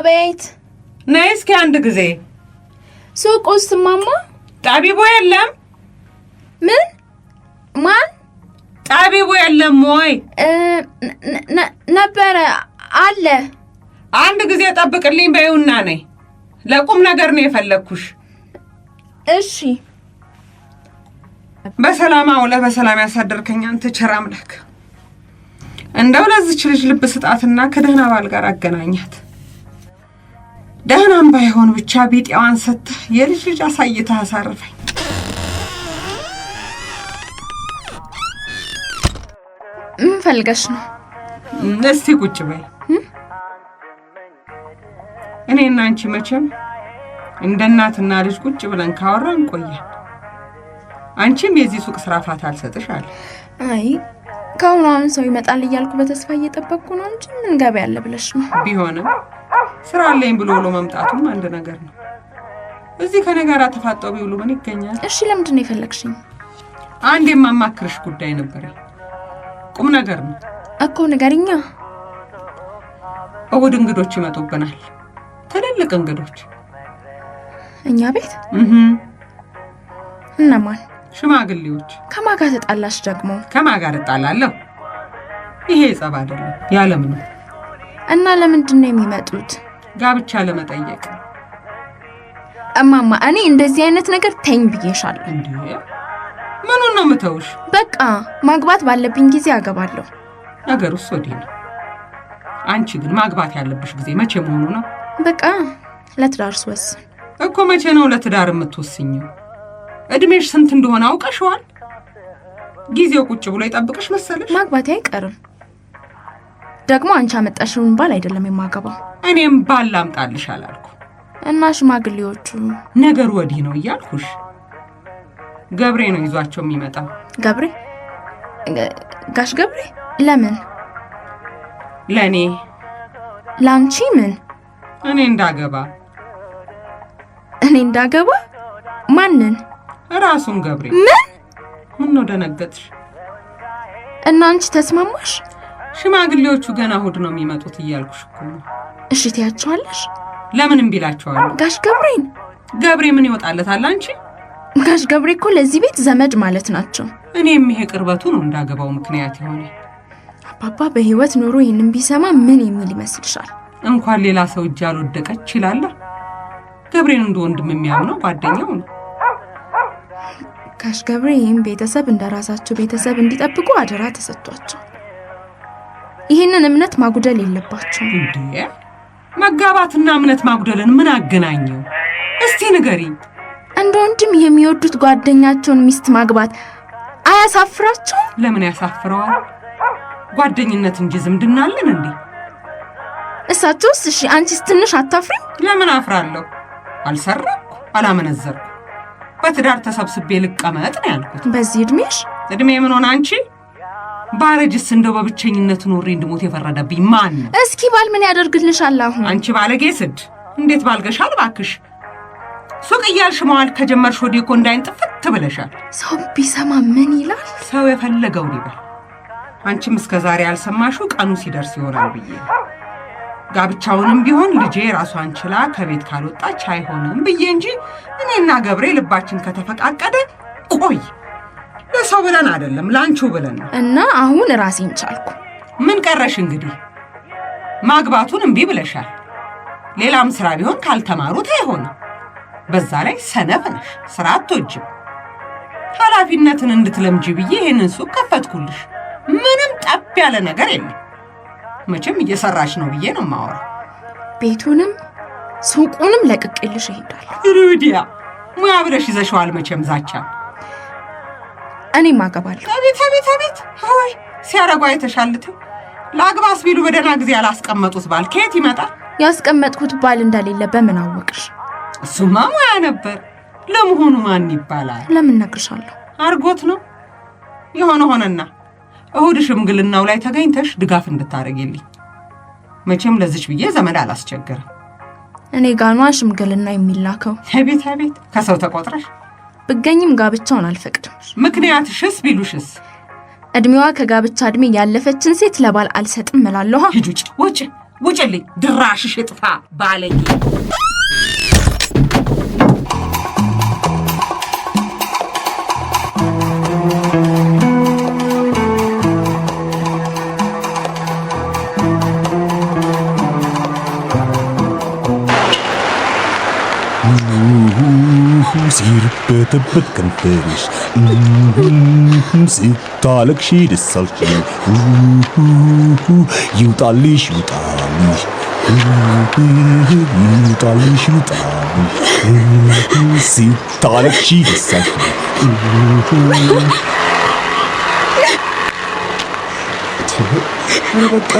አቤት። ነይ እስኪ አንድ ጊዜ። ሱቅ ውስጥ ማማ ጠቢቡ የለም። ምን? ማን? ጠቢቡ የለም ወይ? ነበረ አለ። አንድ ጊዜ ጠብቅልኝ በይውና ነይ። ለቁም ነገር ነው የፈለግኩሽ። እሺ። በሰላም አውለ በሰላም ያሳደርከኝ አንተ ቸር አምላክ እንደው ለዚች ልጅ ልብ ስጣትና ከደህና ባል ጋር አገናኛት። ደህናም ባይሆን ብቻ ቢጤዋን ሰጥተህ የልጅ ልጅ አሳይተህ አሳርፈኝ። ምን ፈልገሽ ነው? እስቲ ቁጭ በይ። እኔና አንቺ መቼም እንደ እናትና ልጅ ቁጭ ብለን ካወራን ቆየን። አንቺም የዚህ ሱቅ ስራ ፋታ አልሰጥሽ አለ። አይ ከአሁኑ አሁን ሰው ይመጣል እያልኩ በተስፋ እየጠበቅኩ ነው እንጂ ምን ገበያ አለ ብለሽ ነው። ቢሆንም ስራ አለኝ ብሎ ውሎ መምጣቱም አንድ ነገር ነው። እዚህ ከኔ ጋር ተፋጠው ቢውሉ ምን ይገኛል? እሺ ለምንድን ነው የፈለግሽኝ? አንድ የማማክርሽ ጉዳይ ነበር። ቁም ነገር ነው እኮ ነገርኛ እሑድ እንግዶች ይመጡብናል፣ ትልልቅ እንግዶች እኛ ቤት እና ማን ሽማግሌዎች ከማጋ ተጣላሽ? ደግሞ ከማጋ እጣላለሁ። ይሄ ጸብ አይደለም ያለም ነው። እና ለምንድን ነው የሚመጡት? ጋብቻ ለመጠየቅ። እማማ እኔ እንደዚህ አይነት ነገር ተኝ እንዴ ምኑን ነው ምተውሽ? በቃ ማግባት ባለብኝ ጊዜ አገባለሁ። ነገር ውስጥ ወዲህ ነው። አንቺ ግን ማግባት ያለብሽ ጊዜ መቼ መሆኑ ነው? በቃ ለትዳር ስወስን እኮ መቼ ነው ለትዳር የምትወስኝው? እድሜሽ ስንት እንደሆነ አውቀሽዋል። ጊዜው ቁጭ ብሎ ይጠብቅሽ መሰለሽ? ማግባቴ አይቀርም። ደግሞ አንቺ አመጣሽውን ባል አይደለም የማገባው። እኔም ባል ላምጣልሽ አላልኩ እና ሽማግሌዎቹ ነገር ወዲህ ነው እያልኩሽ። ገብሬ ነው ይዟቸው የሚመጣው። ገብሬ? ጋሽ ገብሬ? ለምን? ለእኔ ለአንቺ? ምን? እኔ እንዳገባ እኔ እንዳገባ ማንን? ራሱን ገብሬ። ምን ምን ነው ደነገጥሽ? እና አንቺ ተስማማሽ? ሽማግሌዎቹ ገና እሑድ ነው የሚመጡት እያልኩሽ እኮ ነው። እሺ ትያቸዋለሽ? ለምን እምቢ ጋሽ ገብሬን ገብሬ ምን ይወጣለታል? አንቺ ጋሽ ገብሬ እኮ ለዚህ ቤት ዘመድ ማለት ናቸው። እኔም ይሄ ቅርበቱ ነው እንዳገባው ምክንያት የሆነ። አባባ በህይወት ኖሮ ይህንን ቢሰማ ምን የሚል ይመስልሻል? እንኳን ሌላ ሰው እጅ አልወደቀች ይላል። ገብሬን እንደ ወንድም የሚያምነው ጓደኛው ነው። ጋሽ ገብሬም ቤተሰብ እንደ ራሳቸው ቤተሰብ እንዲጠብቁ አደራ ተሰጥቷቸው ይህንን እምነት ማጉደል የለባቸው። እንዴ መጋባትና እምነት ማጉደልን ምን አገናኘው? እስቲ ንገሪ። እንደ ወንድም የሚወዱት ጓደኛቸውን ሚስት ማግባት አያሳፍራቸው ለምን ያሳፍረዋል? ጓደኝነት እንጂ ዝምድና አለን እንዴ? እሳቸውስ? እሺ አንቺስ ትንሽ አታፍሪ? ለምን አፍራለሁ? አልሰራኩ አላመነዘርኩ በትዳር ተሰብስቤ ልቀመጥ ነው ያልኩት። በዚህ እድሜሽ? እድሜ ምን ሆነ አንቺ? ባረጅስ እንደው በብቸኝነት ኖሬ እንድሞት የፈረደብኝ ማን ነው? እስኪ ባል ምን ያደርግልሽ አሁን አንቺ ባለጌ ስድ፣ እንዴት ባልገሻል ባክሽ። ሱቅ እያልሽ መዋል ከጀመርሽ ወዲህ እኮ እንዳይን ጥፍት ብለሻል። ሰው ቢሰማ ምን ይላል? ሰው የፈለገውን ይበል። አንቺም እስከ ዛሬ ያልሰማሽው ቀኑ ሲደርስ ይሆናል ብዬ ጋብቻውንም ቢሆን ልጄ ራሷን ችላ ከቤት ካልወጣች አይሆንም ብዬ እንጂ እኔና ገብሬ ልባችን ከተፈቃቀደ ቆይ ለሰው ብለን አይደለም ለአንቺው ብለን ነው። እና አሁን ራሴን ቻልኩ። ምን ቀረሽ እንግዲህ ማግባቱን እምቢ ብለሻል። ሌላም ስራ ቢሆን ካልተማሩት አይሆንም። በዛ ላይ ሰነፍ ነሽ፣ ስራ አትወጅም። ኃላፊነትን እንድትለምጅ ብዬ ይህንን ሱቅ ከፈትኩልሽ። ምንም ጠብ ያለ ነገር የለም። መቼም እየሰራች ነው ብዬ ነው ማወራ። ቤቱንም ሱቁንም ለቅቄልሽ እሄዳለሁ። ሩዲያ ሙያ ብለሽ ይዘሽዋል መቼም ዛቻ። እኔም አገባለሁ። አቤት አቤት አቤት! ወይ ሲያረጓ የተሻልትም ለአግባስ ቢሉ በደህና ጊዜ ያላስቀመጡት ባል ከየት ይመጣል? ያስቀመጥኩት ባል እንደሌለ በምን አወቅሽ? እሱማ ሙያ ነበር። ለመሆኑ ማን ይባላል? ለምን ነግርሻለሁ። አርጎት ነው የሆነ ሆነና እሁድ ሽምግልናው ላይ ተገኝተሽ ድጋፍ እንድታደርግልኝ። መቼም ለዚች ብዬ ዘመድ አላስቸግርም። እኔ ጋኗ ሽምግልና የሚላከው አቤት አቤት፣ ከሰው ተቆጥረሽ ብገኝም ጋብቻውን አልፈቅድም። ምክንያትሽስ ቢሉሽስ? እድሜዋ ከጋብቻ እድሜ ያለፈችን ሴት ለባል አልሰጥም እላለሁ። ውጭ ውጭ ውጭልኝ! ድራሽሽ ጥፋ ባለጌ Tebetkan finish. ስታለቅሺ ደሳልሽ ይውጣልሽ ይውጣልሽ ይውጣልሽ ይውጣልሽ ስታለቅሺ ደሳልሽ ኧረ በቃ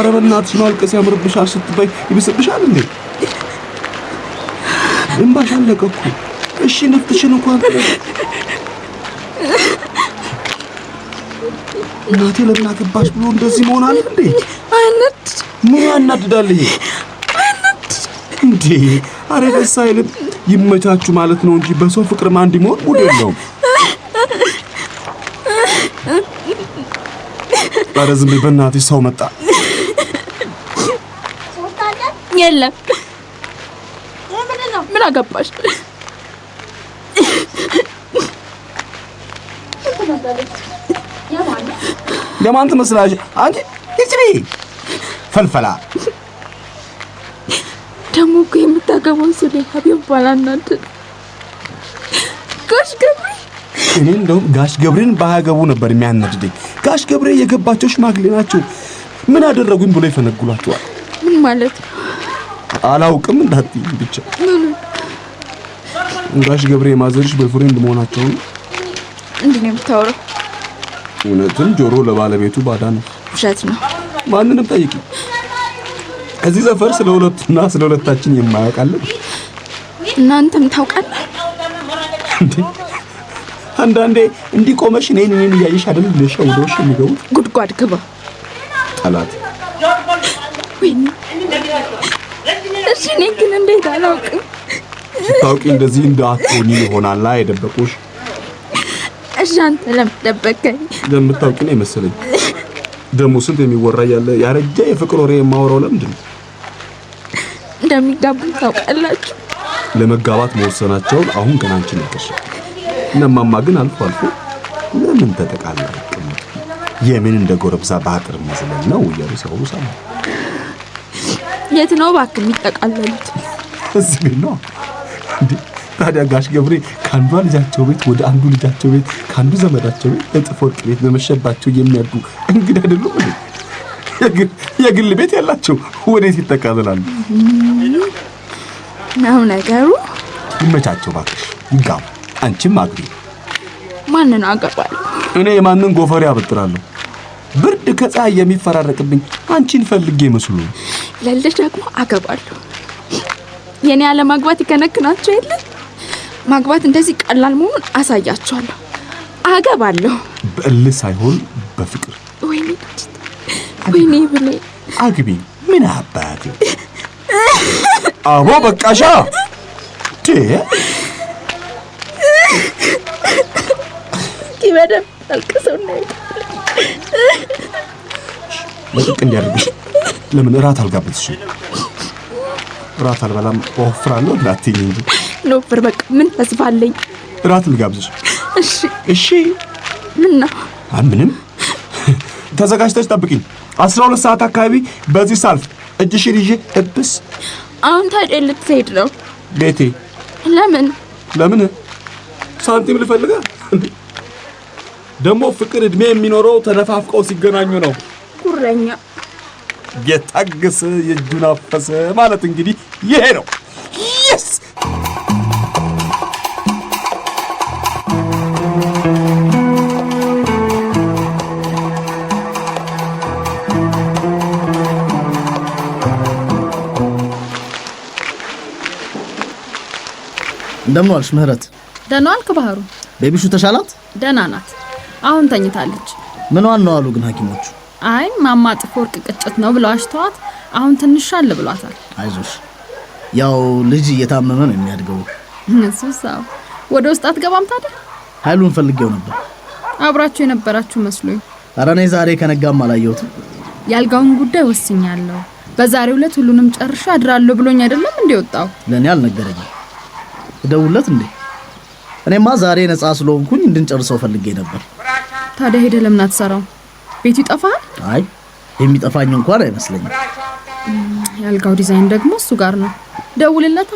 ኧረ በእናትሽ ማልቀስ ያምርብሻል ስትባይ ይብስብሻል እንዴ እምባሽ አለቀ እሺ ንፍትሽን እንኳን እናቴ ለምን አገባሽ ብሎ እንደዚህ መሆን አለ እንዴ? አይነት ምን ያናድዳል? ይሄ አይነት እንዴ! አረ ደስ አይልም። ይመቻችሁ ማለት ነው እንጂ በሰው ፍቅር ማን እንዲሞት ሙድ የለውም። አረ ዝም በይ በእናትሽ፣ ሰው መጣ። የለም ምን አገባሽ? የማን ትመስላለች? አንቺ ይችሪ ፈልፈላ ደግሞ እኮ የምታገባው ሱሌ ሀቢብ ባላናት ጋሽ ገብሬ። እኔ እንደውም ጋሽ ገብሬን ባያገቡ ነበር የሚያናድደኝ። ጋሽ ገብሬ የገባቸው ሽማግሌ ናቸው። ምን አደረጉኝ ብሎ ይፈነግሏቸዋል። ምን ማለት አላውቅም እንዳትዪኝ ብቻ። ጋሽ ገብሬ የማዘርሽ ቦይፍሬንድ መሆናቸውን እንዲህ ነው የምታወራው? እውነትም ጆሮ ለባለቤቱ ባዳ ነው። ውሸት ነው። ማንንም ጠይቂ። እዚህ ሰፈር ስለ ሁለቱና ስለ ሁለታችን የማያውቃለ እናንተም ታውቃለ። አንዳንዴ እንዲህ ቆመሽ እኔን እኔን እያየሽ አይደል ለሸውዶሽ የሚገቡ ጉድጓድ ግባ ጠላት። እሺ፣ እኔ ግን እንዴት አላውቅም። ታውቂ እንደዚህ እንደ እንዳትሆኒ ይሆናላ የደበቁሽ እሺ፣ አንተ ለምን ደበከኝ? እንደምታውቂ ነው የመሰለኝ። ደግሞ ስንት የሚወራ ያለ ያረጀ የፍቅር ወሬ የማወራው ለምንድን ነው? እንደሚጋቡ ታውቃላችሁ። ለመጋባት መወሰናቸውን አሁን ገና አንቺ ነገርሽ እና ግን አልፎ አልፎ ለምን ተጠቃላ የምን እንደ ጎረብሳ በአጥር ነው እያሉ የት ነው እባክህ የሚጠቃለሉት? እዚህ ነው እንዴ? ታዲያ ጋሽ ገብሬ ከአንዷ ልጃቸው ቤት ወደ አንዱ ልጃቸው ቤት ከአንዱ ዘመዳቸው ቤት እጥፍ ወርቅ ቤት በመሸባቸው የሚያዱ እንግዳ አይደሉም። የግል ቤት ያላቸው ወዴት ይጠቃልላሉ? ነው ነገሩ። ይመቻቸው እባክሽ፣ ይጋቡ። አንቺም አግቢ። ማንን አገባል? እኔ? የማንን ጎፈሬ አበጥራለሁ? ብርድ ከፀሐይ የሚፈራረቅብኝ አንቺን ፈልጌ መስሉ ለልጅ ደግሞ አገባለሁ። የእኔ አለማግባት ይከነክናቸው የለን ማግባት እንደዚህ ቀላል መሆኑን አሳያቸዋለሁ። አገባለሁ። በእልህ ሳይሆን በፍቅር። ወይኔ ወይኔ ብሌ አግቢ። ምን አባት አቦ በቃሻ ቴ በደንብ አልቅሰው መጠጥ እንዲያደርግሽ ለምን እራት አልጋበዝሽም? እራት አልበላም ወፍራለሁ እንዳትይኝ እንጂ ሎፈር በቃ ምን ተስፋ አለኝ? እራት ልጋብዝሽ። እሺ እሺ። ምን ነው? ምንም። ተዘጋጅተሽ ጠብቂኝ። አስራ ሁለት ሰዓት አካባቢ በዚህ ሳልፍ እጅሽን ይዤ እብስ። አሁን ታዲያ ልትሄድ ነው? ቤቴ። ለምን ለምን? ሳንቲም ልፈልጋ? ደግሞ ፍቅር እድሜ የሚኖረው ተነፋፍቀው ሲገናኙ ነው። ጉረኛ የታገሰ የእጁን አፈሰ ማለት እንግዲህ ይሄ ነው። እንደምን ዋልሽ ምህረት? ደህና ዋልክ ባህሩ? ቤቢሹ ተሻላት? ደህና ናት። አሁን ተኝታለች። ምኗን ነው አሉ ግን ሐኪሞቹ? አይ ማማ ጥፎ ወርቅ ቅጭት ነው ብለው አሽተዋት፣ አሁን ትንሽ አለ ብሏታል። አይዞሽ፣ ያው ልጅ እየታመመ ነው የሚያድገው። እሱስ ወደ ውስጥ አትገባም ታዲያ? ኃይሉን ፈልጌው ነበር። አብራችሁ የነበራችሁ መስሎኝ። ኧረ እኔ ዛሬ ከነጋም አላየሁትም። ያልጋውን ጉዳይ ወስኛለሁ። በዛሬው ዕለት ሁሉንም ጨርሼ አድራለሁ ብሎኝ አይደለም እንዲወጣው ለእኔ አልነገረኝም። ደውለት እንዴ? እኔማ ዛሬ ነፃ ስለሆንኩኝ እንድንጨርሰው ፈልጌ ነበር። ታዲያ ሄደ ለምን አትሰራው? ቤቱ ይጠፋል። አይ የሚጠፋኝ እንኳን አይመስለኝም። የአልጋው ዲዛይን ደግሞ እሱ ጋር ነው። ደውልለታ።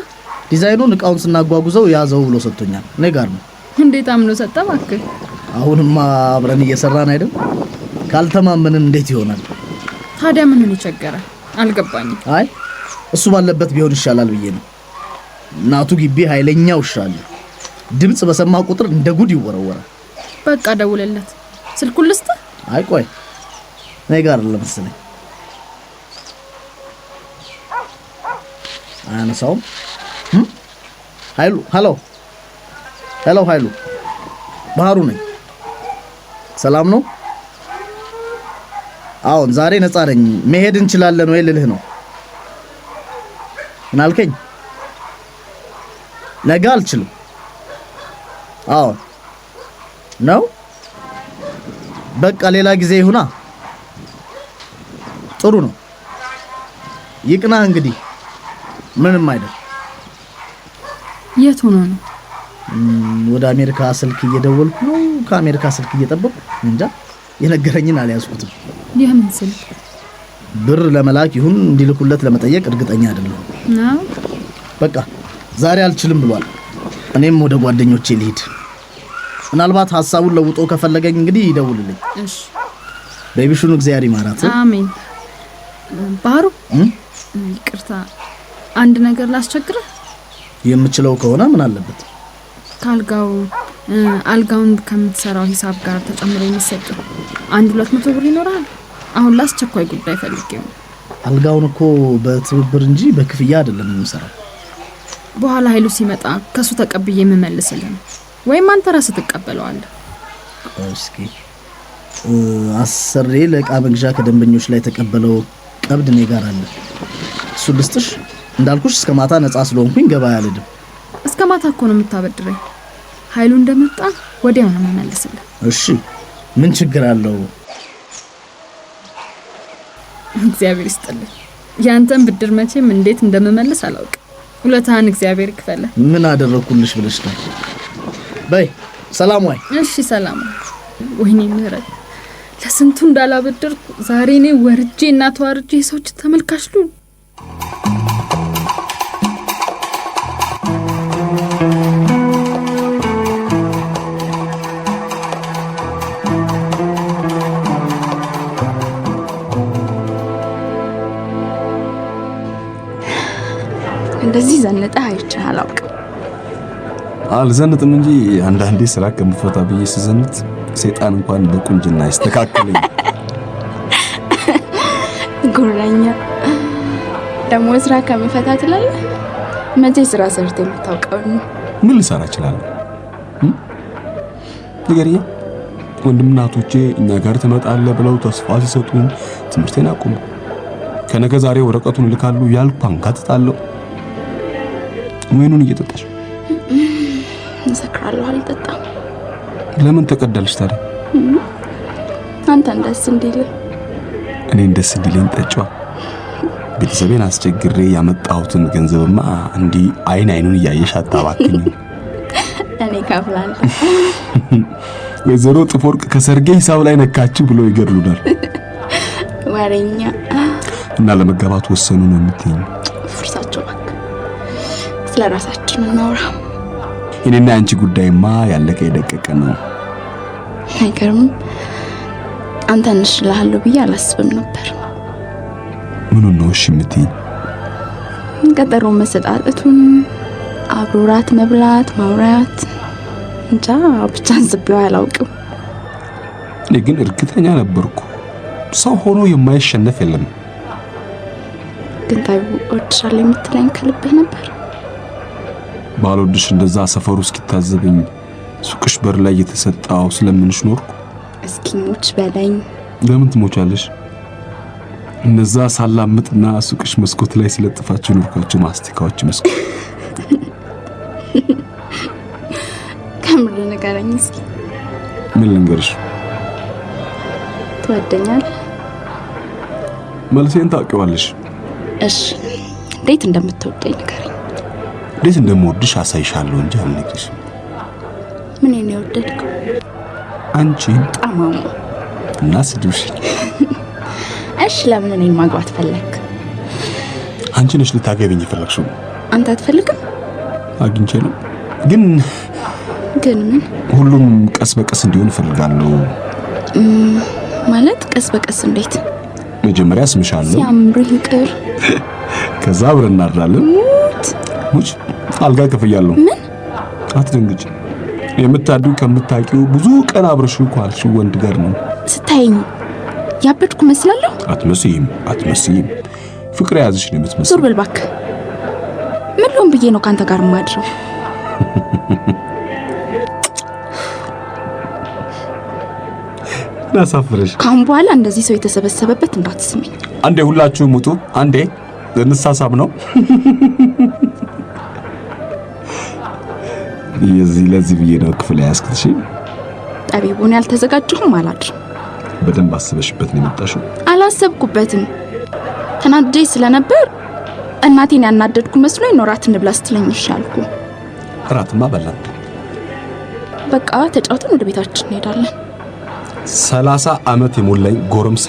ዲዛይኑን እቃውን ስናጓጉዘው ያዘው ብሎ ሰጥቶኛል። እኔ ጋር ነው። እንዴት አምኖ ሰጠ እባክህ? አሁንማ አብረን እየሰራን አይደል? ካልተማመንን እንዴት ይሆናል ታዲያ? ምንን ይቸገራል? አልገባኝም። አይ እሱ ባለበት ቢሆን ይሻላል ብዬ ነው። እናቱ ግቢ ኃይለኛ ውሻ አለ። ድምፅ በሰማ ቁጥር እንደ ጉድ ይወረወራል። በቃ ደውለለት። ስልኩን ልስጥህ? አይ ቆይ፣ እኔ ጋር አለ አያነሳውም። ኃይሉ ሄሎ፣ ሄሎ፣ ኃይሉ ባህሩ ነኝ። ሰላም ነው? አዎን፣ ዛሬ ነፃ ነኝ። መሄድ እንችላለን ወይ ልልህ ነው። ምን አልከኝ? ነገ አልችልም። አዎ ነው። በቃ ሌላ ጊዜ ይሁና። ጥሩ ነው። ይቅና እንግዲህ ምንም አይደል። የት ሆኖ ነው? ወደ አሜሪካ ስልክ እየደወልኩ ነው። ከአሜሪካ ስልክ እየጠበቁ እንጃ፣ የነገረኝን አልያዝኩትም። የምን ስልክ? ብር ለመላክ ይሁን እንዲልኩለት ለመጠየቅ እርግጠኛ አይደለሁም። በቃ ዛሬ አልችልም ብሏል። እኔም ወደ ጓደኞቼ ልሂድ። ምናልባት ሀሳቡን ለውጦ ከፈለገኝ እንግዲህ ይደውልልኝ። ቤቢሹን እግዚአብሔር ይማራት። አሜን። ባህሩ፣ ይቅርታ አንድ ነገር ላስቸግረ። የምችለው ከሆነ ምን አለበት? ካልጋው አልጋውን ከምትሰራው ሂሳብ ጋር ተጨምሮ የሚሰጠው አንድ ሁለት መቶ ብር ይኖራል። አሁን ላስቸኳይ ጉዳይ ፈልጌ ነው። አልጋውን እኮ በትብብር እንጂ በክፍያ አይደለም የምሰራው በኋላ ኃይሉ ሲመጣ ከሱ ተቀብዬ የምመልስልን ወይም አንተ ራስህ ትቀበለዋለህ። እስኪ አሰሬ ለእቃ መግዣ ከደንበኞች ላይ የተቀበለው ቀብድ እኔ ጋር አለ። እሱ ልስጥሽ። እንዳልኩሽ እስከ ማታ ነጻ ስለሆንኩኝ ገባ ያልድም። እስከ ማታ እኮ ነው የምታበድረኝ። ኃይሉ እንደመጣ ወዲያው ነው የምመልስልህ። እሺ፣ ምን ችግር አለው? እግዚአብሔር ይስጥልኝ። ያንተን ብድር መቼም እንዴት እንደምመልስ አላውቅም። ሁለታን እግዚአብሔር ይክፈለ። ምን አደረግኩልሽ ብለሽ ነው? በይ ሰላም ወይ። እሺ ሰላም። ወይኔ ምህረት፣ ለስንቱ እንዳላበደርኩ ዛሬ እኔ ወርጄ እና ተዋርጄ የሰዎች ተመልካች እንደዚህ ዘንጠህ አይቼህ አላውቅም። አልዘንጥም እንጂ አንዳንዴ ስራ ከምፈታ ብዬ ስዘንጥ ሰይጣን እንኳን በቁንጅና ይስተካከለኝ። ጉረኛ ደግሞ ስራ ከምፈታ ትላለህ። መቼ ስራ ሰርቶ የምታውቀው? ምን ልሰራ እችላለሁ? ንገሪኝ። ወንድምናቶቼ እኛ ጋር ትመጣለህ ብለው ተስፋ ሲሰጡኝ ትምህርቴን አቁም ከነገ ዛሬ ወረቀቱን ልካሉ ያልኩ አንጋጥጣለሁ። ወይኑን እየጠጣሽ እሰክራለሁ። አልጠጣም። ለምን ተቀዳልሽ ታዲያ? አንተን ደስ እንዲል እኔን ደስ እንዲለኝ ጠጫ። ቤተሰቤን አስቸግሬ ያመጣሁትን ገንዘብማ እንዲህ አይን አይኑን እያየሽ አታባክኝ። እኔ እከፍላለሁ። ወይዘሮ ጥፎርቅ ከሰርጌ ሂሳብ ላይ ነካችሁ ብሎ ይገድሉናል። ወሬኛ እና ለመጋባት ወሰኑ ነው የምትይኝ? ፍርሳቸው ስለ ራሳችን እናውራ። የኔና ጉዳይማ ያለቀ የደቀቀ ነው። አይገርምም? አንተ እንሽልሃለሁ ብዬ አላስብም ነበር። ምኑ ነው እሺ የምትይኝ? ቀጠሮ መሰጣጠቱን፣ አብሮራት መብላት፣ ማውራት እንጃ ብቻ አንስቤው አላውቅም። እኔ ግን እርግጠኛ ነበርኩ ሰው ሆኖ የማይሸነፍ የለም። ግን ታይ ወድሻለሁ የምትለኝ ከልብህ ነበር? ባልወድሽ እንደዛ ሰፈሩ እስኪታዘበኝ ሱቅሽ በር ላይ የተሰጣው ስለምንሽ ኖርኩ እስኪሞች በለኝ። ለምን ትሞቻለሽ? እነዛ ሳላምጥና ሱቅሽ መስኮት ላይ ስለጥፋችሁ ኖርኳቸው ማስቲካዎች መስኩ ከምር ንገረኝ እስኪ። ምን ልንገርሽ? ትወደኛል? መልሴን ታውቂዋለሽ። እሺ እንዴት እንደምትወደኝ እንዴት እንደምወድሽ አሳይሻለሁ እንጂ አልነግርሽም። ምን ነው የወደድከው? አንቺን ጣማሙ እና ስድብሽ። እሺ ለምን እኔን ማግባት ፈለክ? አንቺ ነሽ ልታገቢኝ የፈለግሽው። አንተ አትፈልግም? አግኝቼ ነው ግን ግን ምን ሁሉም ቀስ በቀስ እንዲሆን እፈልጋለሁ። ማለት ቀስ በቀስ እንዴት? መጀመሪያ ስምሻለሁ፣ ሲያምር ይቅር፣ ከዛ አብረን እናድራለን ውጭ አልጋ ከፍያለሁ። ምን አትደንግጭ። የምታድው ከምታውቂው ብዙ ቀን አብረሽ ካልሽው ወንድ ጋር ነው። ስታየኝ ያበድኩ መስላለሁ? አትመስይም፣ አትመስይም። ፍቅር የያዝሽ ነው የምትመስል። ዞር በል እባክህ። ምን ልሆን ብዬ ነው ከአንተ ጋር ማድረው? ናሳፍረሽ። ካሁን በኋላ እንደዚህ ሰው የተሰበሰበበት እንዳትስመኝ። አንዴ ሁላችሁም ውጡ። አንዴ እንሳሳብ ነው የዚህ ለዚህ ብዬ ነው ክፍል ያስከትሽ። ጠቢቡን ያልተዘጋጀሁም አላድርም። በደንብ አስበሽበት ነው የመጣሽው። አላሰብኩበትም። ተናድጄ ስለነበር እናቴን ያናደድኩ መስሎ ነው ራት እንብላ ስትለኝ እሺ እራትማ በላን። በቃ ተጫውተን ወደ ቤታችን እንሄዳለን። ሰላሳ ዓመት የሞላኝ ጎረምሳ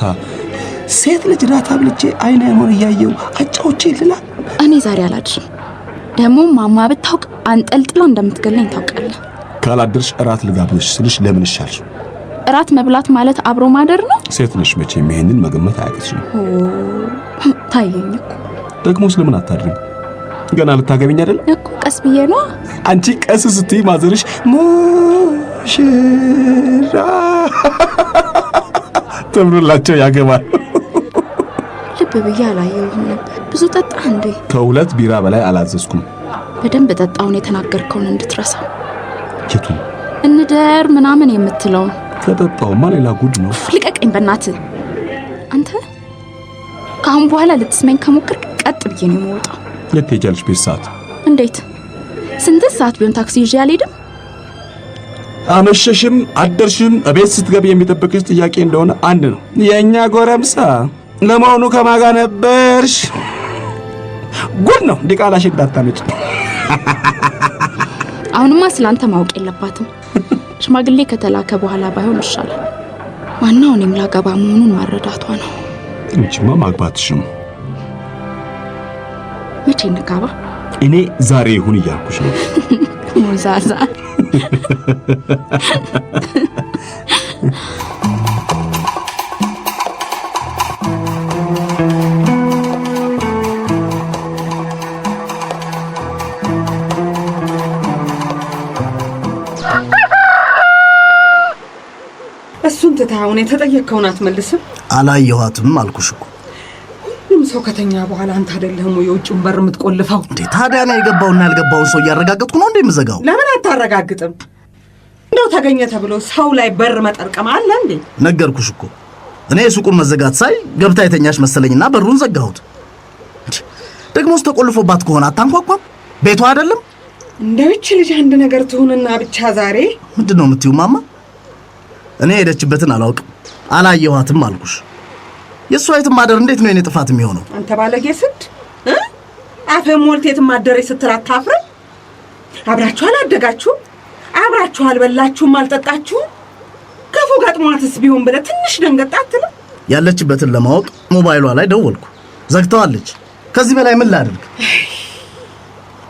ሴት ልጅ ናት አብልቼ አይን አይሆን እያየው አጫውቼ ልላል። እኔ ዛሬ አላድርም። ደግሞ ማማ ብታውቅ አንጠልጥለው እንደምትገለኝ ታውቃለህ። ካላደርሽ እራት ልጋብዝሽ ስልሽ ለምን እሻልሽ? እራት መብላት ማለት አብሮ ማደር ነው። ሴት ነሽ መቼም ይሄንን መገመት አያቅትሽም። ታየኝ እኮ ደግሞ ስለምን አታድርም? ገና ልታገቢኝ አይደል እኮ። ቀስ ብዬ ነው። አንቺ ቀስ ስትይ ማዘርሽ ሙሽራ ተብሎላቸው ያገባል። ልብ ብዬ አላየሁም ነበር። ብዙ ጠጣህ እንዴ? ከሁለት ቢራ በላይ አላዘዝኩም። በደንብ ጠጣውን። የተናገርከውን እንድትረሳ። የቱን? እንደር ምናምን የምትለውን ከጠጣውማ ሌላ ጉድ ነው። ልቀቀኝ በእናት። አንተ። ከአሁን በኋላ ልትስመኝ ከሞክር ቀጥ ብዬ ነው የምወጣው። የት ትሄጃለሽ? ቤት ሰዓት እንዴት? ስንት ሰዓት ቢሆን ታክሲ ይዤ አልሄድም። አመሸሽም አደርሽም እቤት ስትገቢ የሚጠብቅሽ ጥያቄ እንደሆነ አንድ ነው። የእኛ ጎረምሳ ለመሆኑ ከማጋ ነበርሽ? ጉድ ነው ዲቃላሽ እንዳታመጭ። አሁንማ ስላንተ ማወቅ የለባትም። ሽማግሌ ከተላከ በኋላ ባይሆን ይሻላል። ዋናው እኔም ላገባ መሆኑን ማረዳቷ ነው። እቺማ ማግባትሽም ነው። መቼ እንጋባ? እኔ ዛሬ ይሁን እያልኩሽ ነው። ሞዛዛ ትታሁን የተጠየቅከውን አትመልስም? አላየኋትም አልኩሽ እኮ። ሁሉም ሰው ከተኛ በኋላ አንተ አይደለህም የውጭን በር የምትቆልፈው? እንዴ ታዲያ ነው የገባውና ያልገባውን ሰው እያረጋገጥኩ ነው እንዴ የምዘጋው? ለምን አታረጋግጥም? እንደው ተገኘ ተብሎ ሰው ላይ በር መጠርቀም አለ እንዴ? ነገርኩሽ እኮ እኔ የሱቁን መዘጋት ሳይ ገብታ የተኛሽ መሰለኝና በሩን ዘጋሁት። ደግሞስ ተቆልፎባት ከሆነ አታንኳኳም? ቤቷ አይደለም እንደው ይች ልጅ አንድ ነገር ትሁንና ብቻ ዛሬ ምንድን ነው የምትዩ ማማ? እኔ ሄደችበትን አላውቅም፣ አላየኋትም አልኩሽ። የእሷ የትም ማደር እንዴት ነው የኔ ጥፋት የሚሆነው? አንተ ባለጌ ስድ አፈ ሞልት የትም አደረች ስትል አታፍርም? አብራችሁ አላደጋችሁም? አብራችሁ አልበላችሁም? አልጠጣችሁም? ክፉ ገጥሟትስ ቢሆን ብለ ትንሽ ደንገጣ አትልም? ያለችበትን ለማወቅ ሞባይሏ ላይ ደወልኩ፣ ዘግተዋለች። ከዚህ በላይ ምን ላድርግ?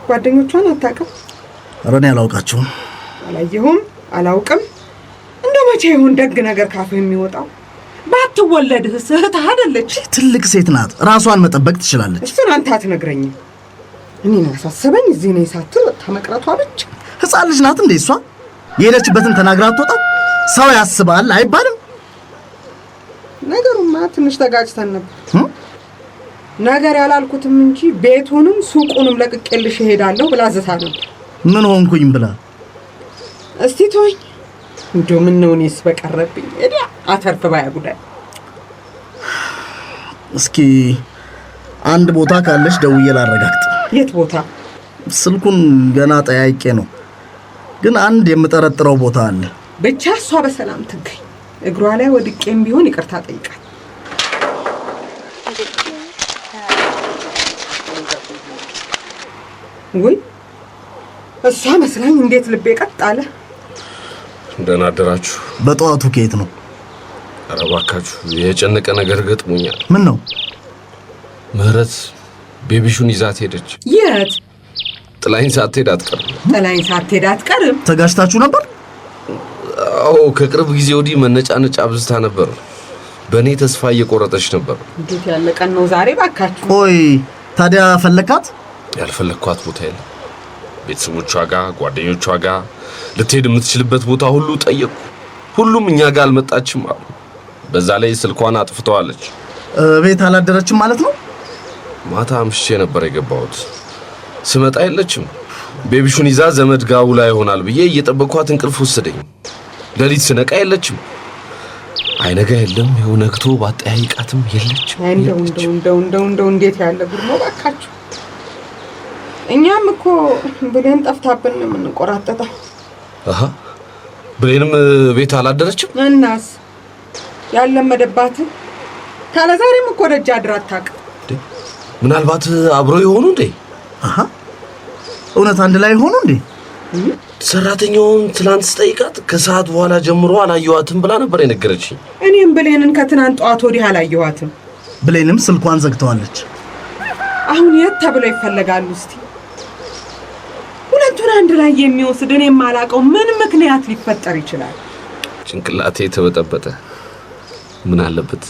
ጓደኞቿን አታውቅም? ኧረ እኔ አላየሁም፣ አላውቅም እንደ መቼ ይሁን ደግ ነገር ካፍ የሚወጣው? ባትወለድህስ እህትህ አይደለች? ትልቅ ሴት ናት፣ ራሷን መጠበቅ ትችላለች። እሱን አንተ አትነግረኝም። እኔን ያሳሰበኝ እዚህ ነው ሳትል ወጥታ መቅረቷ ብቻ። ሕፃን ልጅ ናት እንዴ? እሷ የሄደችበትን ተናግራ አትወጣም። ሰው ያስባል አይባልም። ነገሩማ ትንሽ ተጋጭተን ነበር። ነገር ያላልኩትም እንጂ ቤቱንም ሱቁንም ለቅቄልሽ እሄዳለሁ ብላ ዘታ ነበር። ምን ሆንኩኝ ብላ እስቲ ተወኝ ምን እኔስ በቀረብኝ አተርፍ ባያ ጉዳይ። እስኪ አንድ ቦታ ካለች ደውዬ ላረጋግጥ። የት ቦታ? ስልኩን ገና ጠያይቄ ነው፣ ግን አንድ የምጠረጥረው ቦታ አለ። ብቻ እሷ በሰላም ትገኝ። እግሯ ላይ ወድቄም ቢሆን ይቅርታ ጠይቃል። ውይ እሷ መስላኝ እንዴት ልቤ ቀጥ አለ። ደህና አደራችሁ። በጠዋቱ ከየት ነው? ኧረ እባካችሁ የጨነቀ ነገር ገጥሞኛል። ምን ነው? ምህረት ቤቢሹን ይዛት ሄደች። የት? ጥላይን ሳትሄድ አትቀርም። ጥላይን ሳትሄድ አትቀርም። ተጋጭታችሁ ነበር? አዎ፣ ከቅርብ ጊዜ ወዲህ መነጫነጫ አብዝታ ነበር። በእኔ ተስፋ እየቆረጠች ነበር። እንዴት ያለቀን ነው ዛሬ! እባካችሁ። ቆይ ታዲያ ፈለግካት? ያልፈለግኳት ቦታ የለም ቤተሰቦቿ ጋር፣ ጓደኞቿ ጋር ልትሄድ የምትችልበት ቦታ ሁሉ ጠየቁ። ሁሉም እኛ ጋር አልመጣችም አሉ። በዛ ላይ ስልኳን አጥፍተዋለች። ቤት አላደረችም ማለት ነው። ማታ አምሽቼ ነበር የገባሁት። ስመጣ የለችም። ቤቢሹን ይዛ ዘመድ ጋው ላይ ይሆናል ብዬ እየጠበቅኳት እንቅልፍ ወሰደኝ። ሌሊት ስነቃ የለችም። አይነጋ የለም። ይኸው ነግቶ ባጠያይቃትም የለችም። እንደው እንደው እንደው እንደው እንዴት ያለ ጉድ ነው ባካችሁ! እኛም እኮ ብሌን ጠፍታብን ነው የምንቆራጠጠው። ብሌንም ቤት አላደረችም። እናስ ያለመደባትን ካለ ዛሬም እኮ ደጅ አድራ አታውቅም። ምናልባት አብሮ የሆኑ እንዴ? እውነት አንድ ላይ ሆኑ እንዴ? ሰራተኛውን ትናንት ስጠይቃት ከሰዓት በኋላ ጀምሮ አላየኋትም ብላ ነበር የነገረችኝ። እኔም ብሌንን ከትናንት ጠዋት ወዲህ አላየኋትም። ብሌንም ስልኳን ዘግተዋለች። አሁን የት ተብለው ይፈለጋሉ እስቲ? አንድ ላይ የሚወስድ እኔ የማላውቀው ምን ምክንያት ሊፈጠር ይችላል? ጭንቅላቴ የተበጠበጠ ምን አለበት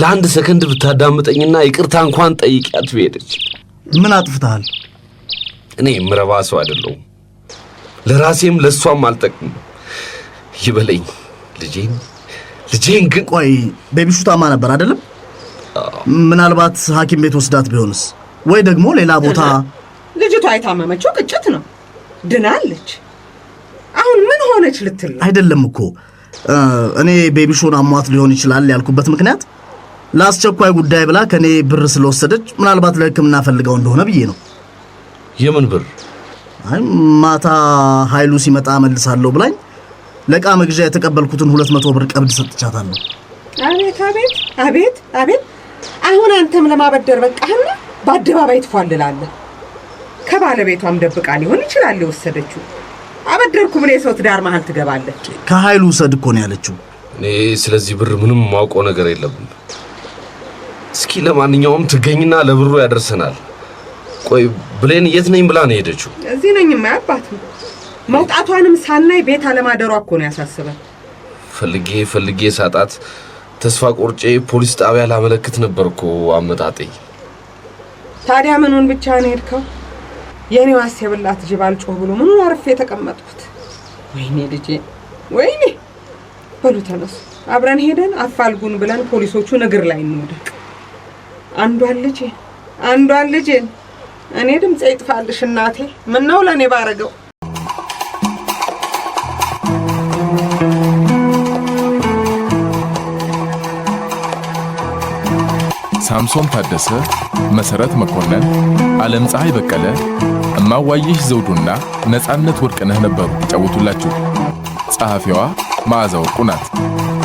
ለአንድ ሰከንድ ብታዳምጠኝና ይቅርታ እንኳን ጠይቂያት ብሄደች። ምን አጥፍተሃል? እኔ ምረባ ሰው አይደለሁም። ለራሴም ለእሷም አልጠቅም። ይበለኝ ልጄን ልጄን ግን ቆይ፣ ቤቢሹ ታማ ነበር አይደለም? ምናልባት ሐኪም ቤት ወስዳት ቢሆንስ? ወይ ደግሞ ሌላ ቦታ ልጅቷ የታመመችው ቅጭት ነው። ድናለች። አሁን ምን ሆነች ልትል አይደለም እኮ እኔ ቤቢሾን አሟት ሊሆን ይችላል ያልኩበት ምክንያት ለአስቸኳይ ጉዳይ ብላ ከእኔ ብር ስለወሰደች ምናልባት ለሕክምና ፈልገው እንደሆነ ብዬ ነው። የምን ብር? አይ ማታ ኃይሉ ሲመጣ መልሳለሁ ብላኝ ለእቃ መግዣ የተቀበልኩትን ሁለት መቶ ብር ቀብድ ሰጥቻታለሁ። አቤት አቤት አቤት አቤት! አሁን አንተም ለማበደር በቃህና በአደባባይ ትፏልላለህ። ከባለቤቷም ደብቃ ሊሆን ይችላል የወሰደችው። አበደርኩ ብለህ የሰው ትዳር መሀል ትገባለች። ከኃይሉ ውሰድ እኮ ነው ያለችው። እኔ ስለዚህ ብር ምንም ማውቀው ነገር የለም። እስኪ ለማንኛውም ትገኝና ለብሩ ያደርሰናል። ቆይ ብሌን የት ነኝ ብላ ነው የሄደችው? እዚህ ነኝ የማያባት መውጣቷንም ሳናይ ቤት አለማደሯ እኮ ነው ያሳስበን። ፈልጌ ፈልጌ ሳጣት ተስፋ ቆርጬ ፖሊስ ጣቢያ ላመለክት ነበርኩ አመጣጤ። ታዲያ ምኑን ብቻ ነው የሄድከው? የኔ ዋሴብላት ጅብ አልጮህ ብሎ ምኑን አርፌ የተቀመጥኩት? ወይኔ ልጄ ወይኔ። በሉ ተነሱ፣ አብረን ሄደን አፋልጉን ብለን ፖሊሶቹን እግር ላይ እንውደቅ። አንዷን ልጄ አንዷን ልጄን እኔ ድምፄ ይጥፋልሽ እናቴ፣ ምነው ለእኔ ባረገው ሳምሶን ታደሰ፣ መሰረት መኮንን፣ ዓለም ፀሐይ በቀለ፣ እማዋይሽ ዘውዱና ነፃነት ወርቅነህ ነበሩ ይጫወቱላችሁ። ጸሐፊዋ መዓዛ ወርቁ ናት።